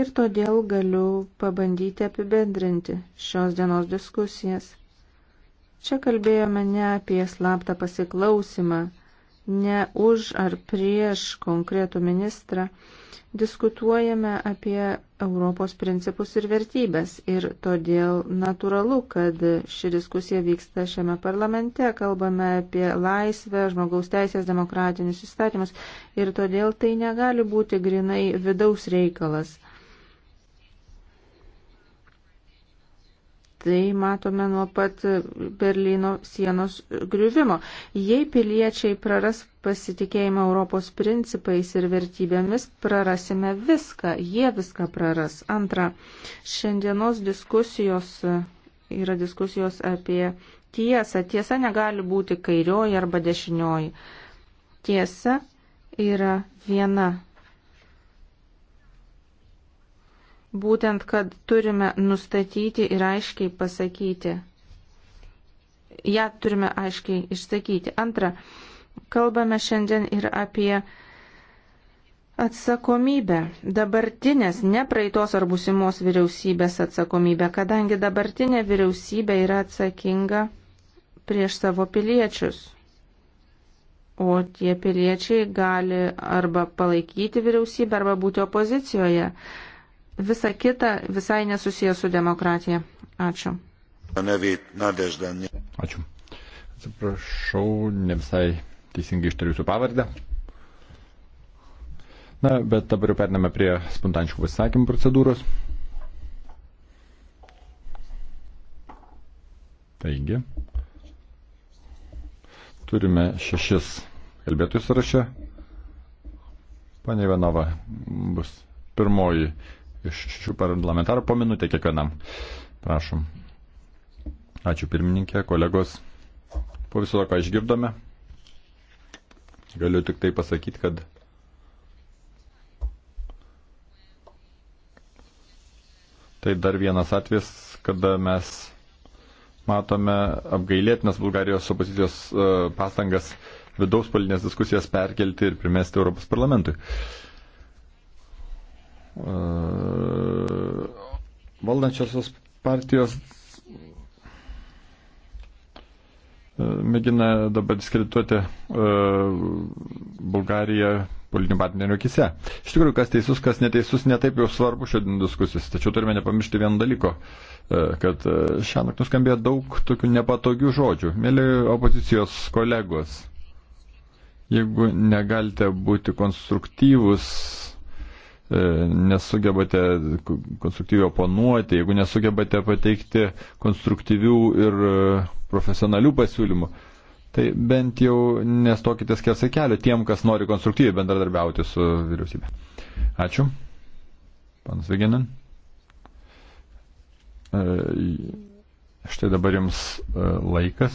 Ir todėl galiu pabandyti apibendrinti šios dienos diskusijas. Čia kalbėjome ne apie slaptą pasiklausimą, ne už ar prieš konkretų ministrą, diskutuojame apie Europos principus ir vertybės. Ir todėl natūralu, kad ši diskusija vyksta šiame parlamente, kalbame apie laisvę, žmogaus teisės, demokratinius įstatymus. Ir todėl tai negali būti grinai vidaus reikalas. Tai matome nuo pat Berlyno sienos griuvimo. Jei piliečiai praras pasitikėjimą Europos principais ir vertybėmis, prarasime viską, jie viską praras. Antra, šiandienos diskusijos yra diskusijos apie tiesą. Tiesa negali būti kairioji arba dešinioji. Tiesa yra viena būtent, kad turime nustatyti ir aiškiai pasakyti. Ja turime aiškiai išsakyti. Antra, kalbame šiandien ir apie atsakomybę, dabartinės, ne praeitos ar būsimos vyriausybės atsakomybę, kadangi dabartinė vyriausybė yra atsakinga prieš savo piliečius. O tie piliečiai gali arba palaikyti vyriausybę, arba būti opozicijoje. Visa kita visai nesusijęs su demokratija.
Ačiū. Ačiū. Atsiprašau, ne
visai teisingai ištariu jūsų pavardę. Na, bet dabar jau pername prie spontaniškų pasisakymų procedūros. Taigi, turime šešis kalbėtojų sąraše. Pane Ivanova bus pirmoji iš šių parlamentarų po minutę kiekvienam. Prašom. Ačiū pirmininkė, kolegos. Po viso to, ką išgirdome, galiu tik tai pasakyti, kad tai dar vienas atvejis, kada mes matome apgailėtinas Bulgarijos opozicijos e, pastangas vidaus politinės diskusijas perkelti ir primesti Europos parlamentui. Uh, valdančiosios partijos e, mėgina dabar diskredituoti e, Bulgariją politinių partnerių akise. Iš tikrųjų, kas teisus, kas neteisus, netaip jau svarbu šiandien diskusijos. Tačiau turime nepamiršti vieną dalyko, e, kad šiandien nuskambėjo daug tokių nepatogių žodžių. Mėly opozicijos kolegos, jeigu negalite būti konstruktyvus E, nesugebate konstruktyviai oponuoti, jeigu nesugebate pateikti konstruktyvių ir e, profesionalių pasiūlymų, tai bent jau nestokite skersai kelio tiem, kas nori konstruktyviai bendradarbiauti su vyriausybė. Ačiū. Panas Vigenin. E, štai dabar jums laikas.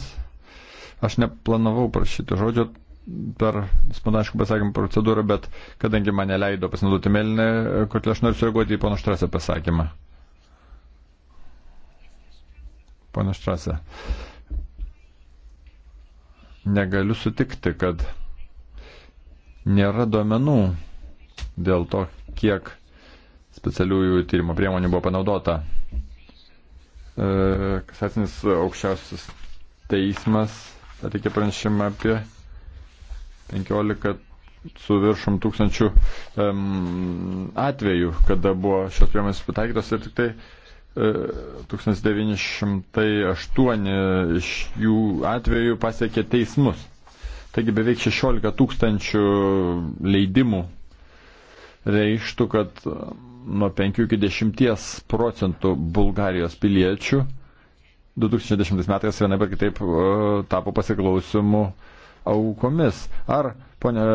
Aš neplanavau prašyti žodžio, per spontaniškų pasakymų procedūrą, bet kadangi mane leido pasinaudoti mėlyną kortelę, aš noriu sureaguoti į pono Štrasę pasakymą. Pono Štrasė, negaliu sutikti, kad nėra duomenų dėl to, kiek specialiųjų tyrimo priemonių buvo panaudota. E, kasacinis aukščiausias teismas pateikė pranešimą apie 15 su viršum tūkstančių um, atvejų, kada buvo šios priemonės pataikytos ir tik tai e, uh, 1908 iš jų atvejų pasiekė teismus. Taigi beveik 16 tūkstančių leidimų reištų, kad nuo 5 iki 10 procentų Bulgarijos piliečių 2010 metais vienaip ar kitaip uh, tapo pasiklausimu uh, aukomis. Ar, ponė e,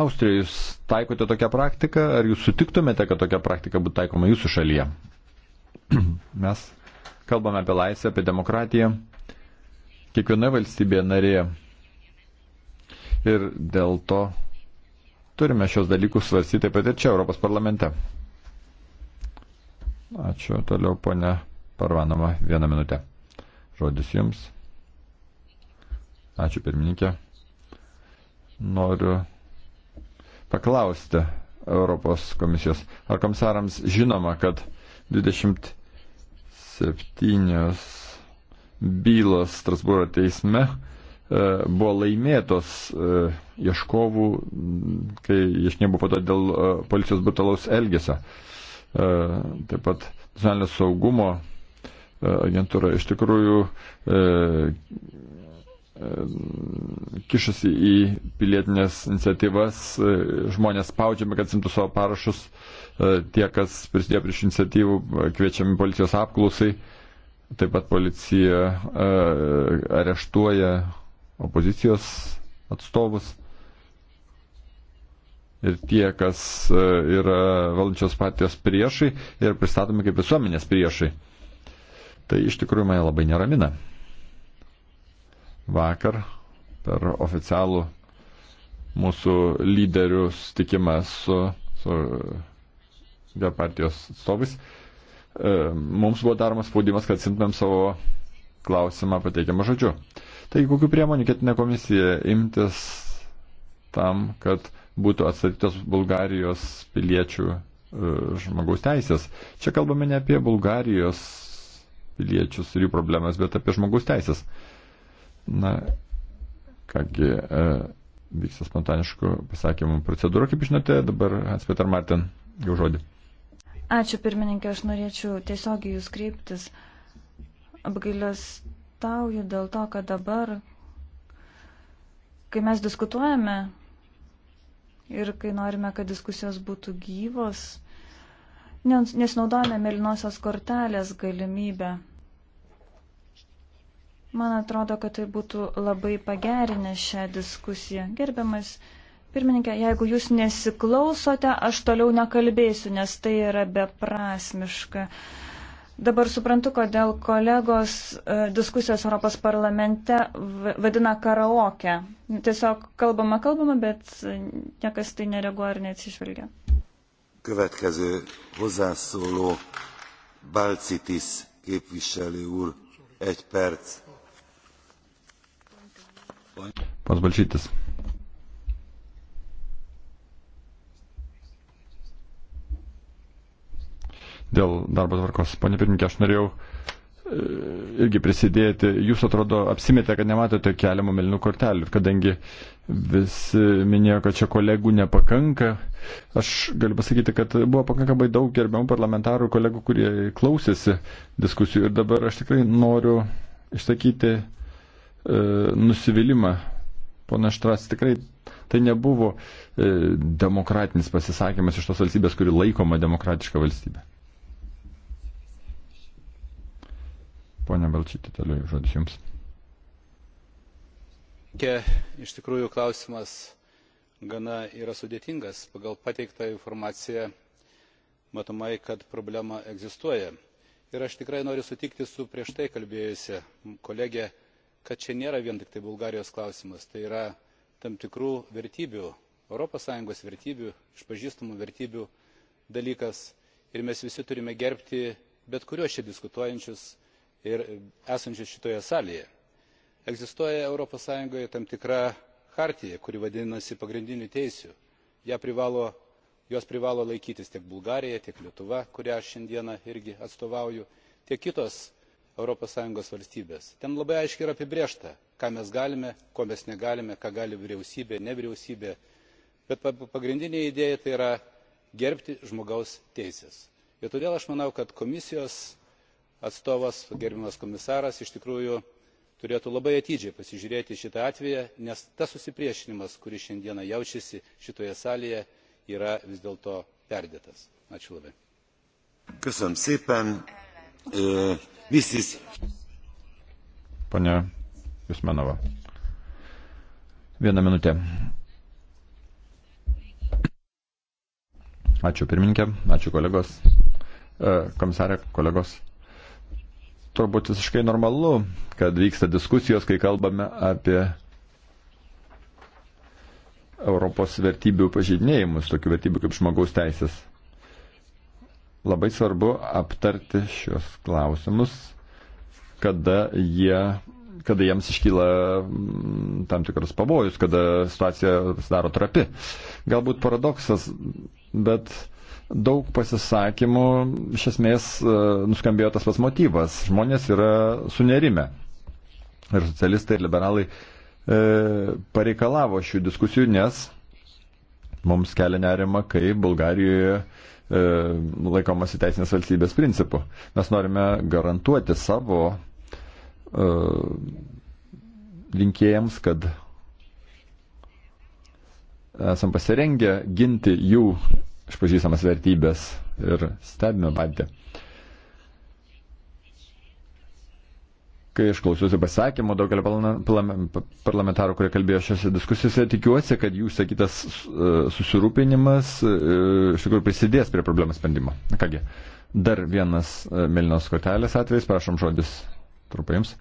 Austrijoje, jūs taikote tokią praktiką, ar jūs sutiktumėte, kad tokia praktika būtų taikoma jūsų šalyje? Mes kalbame apie laisvę, apie demokratiją. Kiekviena valstybė narė. Ir dėl to turime šios dalykus svarstyti taip pat ir čia Europos parlamente. Ačiū. Toliau, ponia Parvanoma, vieną minutę. Žodis jums. Ačiū pirmininkė. Noriu paklausti Europos komisijos, ar komisarams žinoma, kad 27 bylos Strasbūro teisme e, buvo laimėtos e, ieškovų, kai ieškinė buvo paduota dėl e, policijos brutalaus elgesio. Taip pat nacionalinio saugumo agentūra iš tikrųjų kišasi į pilietinės iniciatyvas, e, žmonės spaudžiami, kad simtų savo parašus, e, tie, kas prisidėjo prie šių iniciatyvų, e, kviečiami policijos apklausai, taip pat policija areštuoja opozicijos atstovus ir tie, kas yra valdančios partijos priešai ir pristatomi kaip visuomenės priešai. Tai iš tikrųjų mane labai neramina vakar per oficialų mūsų lyderių stikimą su, su dėl partijos atstovais. E, mums buvo daromas spaudimas, kad sintumėm savo klausimą pateikiamą žodžiu. Tai kokiu priemonių ketina komisija imtis tam, kad būtų atstatytos Bulgarijos piliečių e, žmogaus teisės. Čia kalbame ne apie Bulgarijos piliečius ir jų problemas, bet apie žmogaus teisės. Uh, Na, kągi, e, vyksta spontaniškų pasakymų procedūra, kaip žinote, dabar Hans-Peter Martin, jau žodį.
Ačiū pirmininkė, aš norėčiau tiesiog jūs kreiptis. Apgailės tauju dėl to, kad dabar, kai mes diskutuojame ir kai norime, kad diskusijos būtų gyvos, nesinaudojame mėlynosios kortelės galimybę. Man atrodo, kad tai būtų labai pagerinę šią diskusiją. Gerbiamas pirmininkė, jeigu jūs nesiklausote, aš toliau nekalbėsiu, nes tai yra beprasmiška. Dabar suprantu, kodėl kolegos e, diskusijos Europos parlamente vadina karaoke. Tiesiog kalbama, kalbama, bet niekas tai nereaguoja ir neatsižvelgia.
Következő hozzászóló Balcitis képviselő úr, egy perc.
Pats Balčytis. Dėl darbo tvarkos. Pone pirmininkė, aš norėjau e, irgi prisidėti. Jūs atrodo apsimetė, kad nematote keliamų melinų kortelių, kadangi visi minėjo, kad čia kolegų nepakanka. Aš galiu pasakyti, kad buvo pakankamai daug gerbiamų parlamentarų ir kolegų, kurie klausėsi diskusijų. Ir dabar aš tikrai noriu išsakyti E, nusivylimą. Pana Štras, tikrai tai nebuvo e, demokratinis pasisakymas iš tos valstybės, kuri laikoma demokratiška valstybė. Pone Balčyti, toliau žodis Jums.
Iš tikrųjų, klausimas gana yra sudėtingas. Pagal pateiktą informaciją matomai, kad problema egzistuoja. Ir aš tikrai noriu sutikti su prieš tai kalbėjusią kolegę kad čia nėra vien tik tai Bulgarijos klausimas, tai yra tam tikrų vertybių, ES vertybių, išpažįstamų vertybių dalykas ir mes visi turime gerbti bet kuriuos čia diskutuojančius ir esančius šitoje salėje. Egzistuoja ES tam tikra chartija, kuri vadinasi pagrindinių teisių. Ja privalo, jos privalo laikytis tiek Bulgarija, tiek Lietuva, kurią aš šiandieną irgi atstovauju, tiek kitos europos sąjungos valstybes ten labai aiškiai yra apibrėžta ką mes galime ko mes negalime ką gali vyriausybė nevyriausybė bet pagrindinė idėja tai yra gerbti žmogaus teises ir todėl aš manau kad komisijos atstovas gerbiamas komisaras iš tikrųjų turėtų labai atidžiai pasižiūrėti į šitą atvejį nes tas susipriešinimas kuris šiandien jaučiasi šitoje salėje yra vis dėlto perdėtas. ačiū labai. Visis. E,
Pane Jusmanova. Vieną minutę. Ačiū pirmininkė, ačiū kolegos, e, komisarė, kolegos. Turbūt visiškai normalu, kad vyksta diskusijos, kai kalbame apie Europos vertybių pažydinėjimus, tokių vertybių kaip žmogaus teisės labai svarbu aptarti šios klausimus, kada jie kada jiems iškyla mm, tam tikras pavojus, kada situacija pasidaro trapi. Galbūt paradoksas, bet daug pasisakymų iš esmės e, nuskambėjo tas pats motyvas. Žmonės yra sunerime. Ir socialistai, ir liberalai e, pareikalavo šių diskusijų, nes mums kelia nerima, kai Bulgarijoje E, laikomasi teisinės valstybės principų. Mes norime garantuoti savo uh, e, rinkėjams, kad esam pasirengę ginti jų išpažįstamas vertybės ir stebime padėtį. kai aš klausiausi pasakymo daugelio parlamentarų, kurie kalbėjo šiose diskusijose, tikiuosi, kad jų sakytas e, susirūpinimas e, iš tikrųjų prisidės prie problemų sprendimo. Kągi, dar vienas e, Melinos kortelės atvejs, prašom žodis trumpai jums.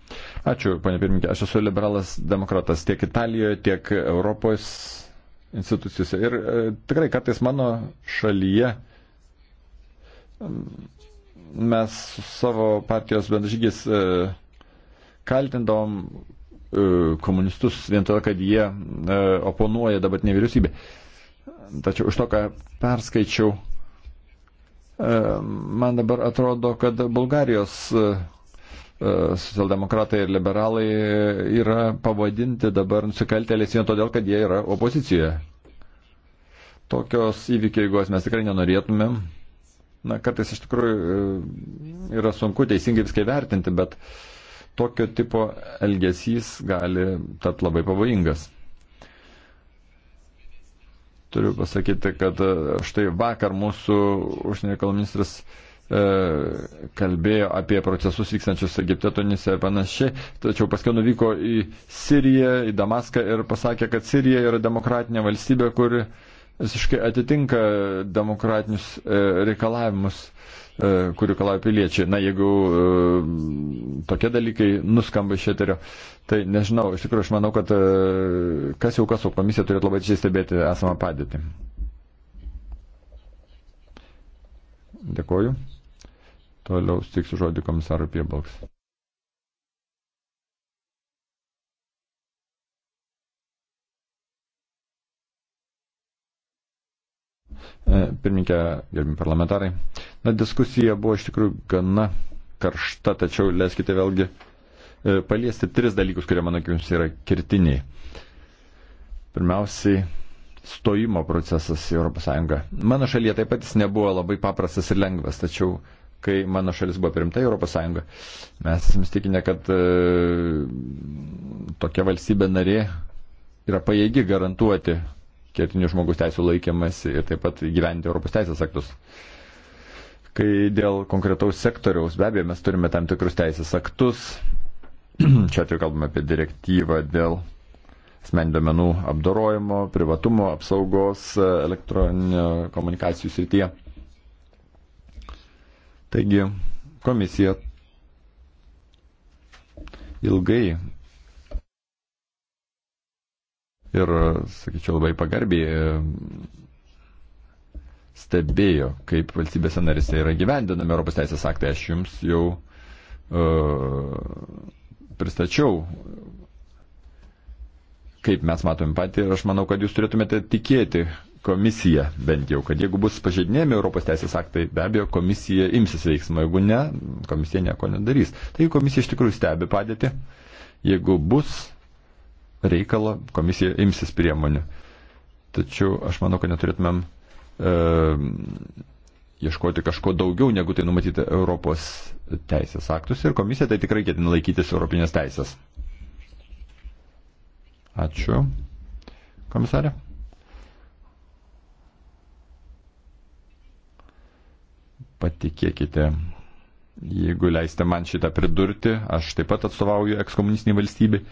Ačiū, ponė pirmininkė, aš esu liberalas demokratas tiek Italijoje, tiek Europos institucijose. Ir e, tikrai kartais mano šalyje mes su savo partijos bendražygis e, kaltindavom e, komunistus vien to, kad jie e, oponuoja dabartinė vyriausybė. Tačiau iš to, ką perskaičiau, e, man dabar atrodo, kad Bulgarijos socialdemokratai ir liberalai yra pavadinti dabar nusikaltėliais vien todėl, kad jie yra opozicijoje. Tokios įvykiai, jeigu mes tikrai nenorėtumėm, na, kartais iš tikrųjų yra sunku teisingai viską vertinti, bet uh, tokio tipo elgesys gali tapti labai pavojingas. Turiu pasakyti, kad e, štai vakar mūsų užsienio reikalų ministras e, kalbėjo apie procesus vykstančius Egipte, Tunise ir panašiai, tačiau paskui nuvyko į Siriją, į Damaską ir pasakė, kad Sirija yra demokratinė valstybė, kuri visiškai atitinka demokratinius e, reikalavimus. E, kurių kalauja piliečiai. Na, jeigu e, tokie dalykai nuskamba iš eterio, tai nežinau, iš tikrųjų aš manau, kad e, kas jau kas, o komisija turėtų labai čia stebėti esamą padėtį. Dėkoju. Toliau stiksiu žodį komisarui Piebalks. E, pirmininkė, gerbim parlamentarai. Na, diskusija buvo iš tikrųjų gana karšta, tačiau leiskite vėlgi e, paliesti tris dalykus, kurie mano akimis yra kirtiniai. Pirmiausiai, stojimo procesas į ES. Mano šalyje taip pat jis nebuvo labai paprastas ir lengvas, tačiau kai mano šalis buvo primta Europos Sąjunga. Mes esame stikinę, kad e, tokia valstybė narė yra pajėgi garantuoti kertinių žmogus teisų laikymasi ir taip pat gyventi Europos teisės aktus. Kai dėl konkretaus sektoriaus, be abejo, mes turime tam tikrus teisės aktus. Čia atveju kalbame apie direktyvą dėl asmenių domenų apdorojimo, privatumo apsaugos e, elektroninio komunikacijų srityje. Taigi, komisija ilgai ir, sakyčiau, labai pagarbiai e, stebėjo, kaip valstybėse narėse yra gyvendinami Europos teisės aktai. Aš jums jau uh, pristačiau, kaip mes matome patį ir aš manau, kad jūs turėtumėte tikėti komisiją bent jau, kad jeigu bus pažeidinėjami Europos teisės aktai, be abejo, komisija imsis veiksmo, jeigu ne, komisija nieko nedarys. Taigi komisija iš tikrųjų stebi padėti, jeigu bus reikalą komisija imsis priemonių. Tačiau aš manau, kad neturėtumėm e, ieškoti kažko daugiau, negu tai numatyta Europos teisės aktus ir komisija tai tikrai ketina laikytis Europinės teisės. Ačiū. Komisarė. Patikėkite, jeigu leiste man šitą pridurti, aš taip pat atstovauju ekskomunistinį valstybį.